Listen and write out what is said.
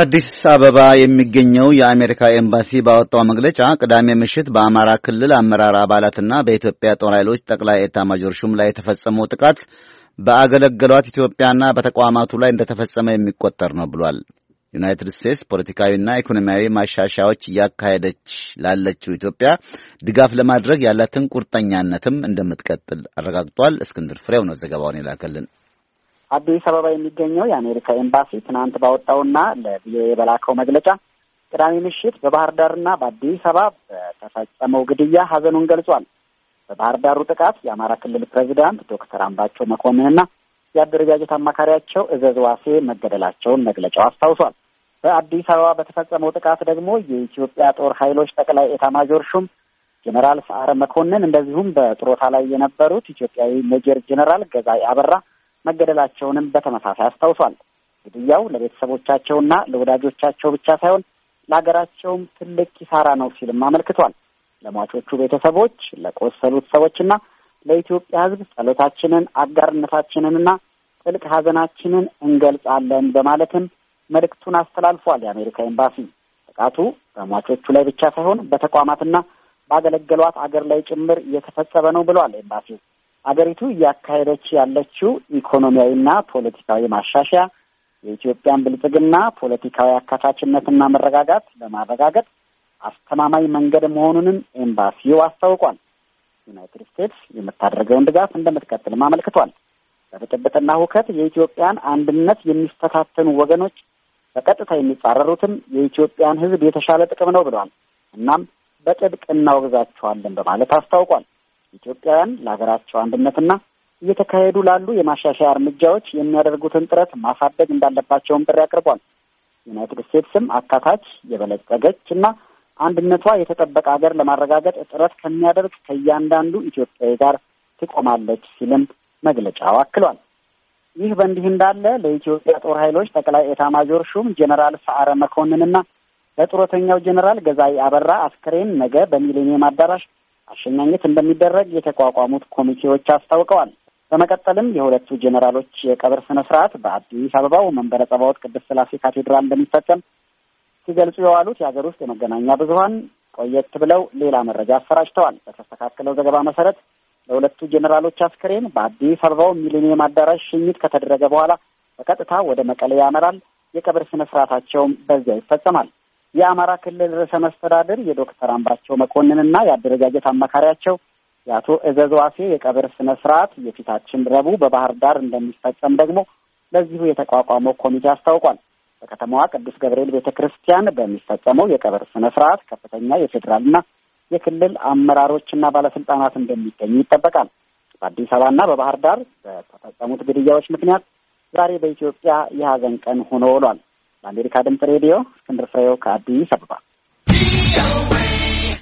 አዲስ አበባ የሚገኘው የአሜሪካ ኤምባሲ ባወጣው መግለጫ ቅዳሜ ምሽት በአማራ ክልል አመራር አባላትና በኢትዮጵያ ጦር ኃይሎች ጠቅላይ ኤታማጆር ሹም ላይ የተፈጸመው ጥቃት በአገለገሏት ኢትዮጵያና በተቋማቱ ላይ እንደተፈጸመ የሚቆጠር ነው ብሏል። ዩናይትድ ስቴትስ ፖለቲካዊና ኢኮኖሚያዊ ማሻሻያዎች እያካሄደች ላለችው ኢትዮጵያ ድጋፍ ለማድረግ ያላትን ቁርጠኛነትም እንደምትቀጥል አረጋግጧል። እስክንድር ፍሬው ነው ዘገባውን የላከልን። አዲስ አበባ የሚገኘው የአሜሪካ ኤምባሲ ትናንት ባወጣውና ለቪኦኤ በላከው መግለጫ ቅዳሜ ምሽት በባህር ዳርና በአዲስ አበባ በተፈጸመው ግድያ ሀዘኑን ገልጿል። በባህር ዳሩ ጥቃት የአማራ ክልል ፕሬዚዳንት ዶክተር አምባቸው መኮንንና የአደረጃጀት አማካሪያቸው እዘዝ ዋሴ መገደላቸውን መግለጫው አስታውሷል። በአዲስ አበባ በተፈጸመው ጥቃት ደግሞ የኢትዮጵያ ጦር ኃይሎች ጠቅላይ ኤታማዦር ሹም ጀኔራል ሰዓረ መኮንን እንደዚሁም በጥሮታ ላይ የነበሩት ኢትዮጵያዊ ሜጀር ጄኔራል ገዛይ አበራ መገደላቸውንም በተመሳሳይ አስታውሷል። ግድያው ለቤተሰቦቻቸውና ለወዳጆቻቸው ብቻ ሳይሆን ለሀገራቸውም ትልቅ ኪሳራ ነው ሲልም አመልክቷል። ለሟቾቹ ቤተሰቦች፣ ለቆሰሉት ሰዎችና ለኢትዮጵያ ሕዝብ ጸሎታችንን አጋርነታችንንና ጥልቅ ሀዘናችንን እንገልጻለን በማለትም መልእክቱን አስተላልፏል። የአሜሪካ ኤምባሲ ጥቃቱ በሟቾቹ ላይ ብቻ ሳይሆን በተቋማትና ባገለገሏት አገር ላይ ጭምር እየተፈጸመ ነው ብሏል ኤምባሲው። አገሪቱ እያካሄደች ያለችው ኢኮኖሚያዊና ፖለቲካዊ ማሻሻያ የኢትዮጵያን ብልጽግና ፖለቲካዊ አካታችነትና መረጋጋት ለማረጋገጥ አስተማማኝ መንገድ መሆኑንም ኤምባሲው አስታውቋል። ዩናይትድ ስቴትስ የምታደርገውን ድጋፍ እንደምትቀጥልም አመልክቷል። በብጥብጥና ሁከት የኢትዮጵያን አንድነት የሚፈታተኑ ወገኖች በቀጥታ የሚጻረሩትም የኢትዮጵያን ሕዝብ የተሻለ ጥቅም ነው ብለዋል። እናም በጥብቅ እናወግዛቸዋለን በማለት አስታውቋል። ኢትዮጵያውያን ለሀገራቸው አንድነትና እየተካሄዱ ላሉ የማሻሻያ እርምጃዎች የሚያደርጉትን ጥረት ማሳደግ እንዳለባቸውን ጥሪ አቅርቧል። ዩናይትድ ስቴትስም አካታች የበለጸገች እና አንድነቷ የተጠበቀ ሀገር ለማረጋገጥ ጥረት ከሚያደርግ ከእያንዳንዱ ኢትዮጵያዊ ጋር ትቆማለች ሲልም መግለጫው አክሏል። ይህ በእንዲህ እንዳለ ለኢትዮጵያ ጦር ኃይሎች ጠቅላይ ኤታ ማጆር ሹም ጀኔራል ሰዓረ መኮንንና ለጡረተኛው ጀኔራል ገዛኢ አበራ አስከሬን ነገ በሚሌኒየም አዳራሽ አሸኛኘት እንደሚደረግ የተቋቋሙት ኮሚቴዎች አስታውቀዋል። በመቀጠልም የሁለቱ ጄኔራሎች የቀብር ስነ ስርዓት በአዲስ አበባው መንበረ ጸባዖት ቅድስት ስላሴ ካቴድራል እንደሚፈጸም ሲገልጹ የዋሉት የሀገር ውስጥ የመገናኛ ብዙኃን ቆየት ብለው ሌላ መረጃ አሰራጭተዋል። በተስተካከለው ዘገባ መሰረት ለሁለቱ ጄኔራሎች አስክሬን በአዲስ አበባው ሚሊኒየም አዳራሽ ሽኝት ከተደረገ በኋላ በቀጥታ ወደ መቀሌ ያመራል። የቀብር ስነ ስርዓታቸውም በዚያ ይፈጸማል። የአማራ ክልል ርዕሰ መስተዳድር የዶክተር አምባቸው መኮንንና የአደረጃጀት አማካሪያቸው የአቶ እዘዝ ዋሴ የቀብር ስነ ስርዓት የፊታችን ረቡዕ በባህር ዳር እንደሚፈጸም ደግሞ ለዚሁ የተቋቋመው ኮሚቴ አስታውቋል። በከተማዋ ቅዱስ ገብርኤል ቤተ ክርስቲያን በሚፈጸመው የቀብር ስነ ስርዓት ከፍተኛ የፌዴራልና የክልል አመራሮችና ባለስልጣናት እንደሚገኙ ይጠበቃል። በአዲስ አበባና በባህር ዳር በተፈጸሙት ግድያዎች ምክንያት ዛሬ በኢትዮጵያ የሀዘን ቀን ሆኖ ውሏል። አሜሪካ ድምጽ ሬዲዮ እስክንድር ፍሬው ከአዲስ አበባ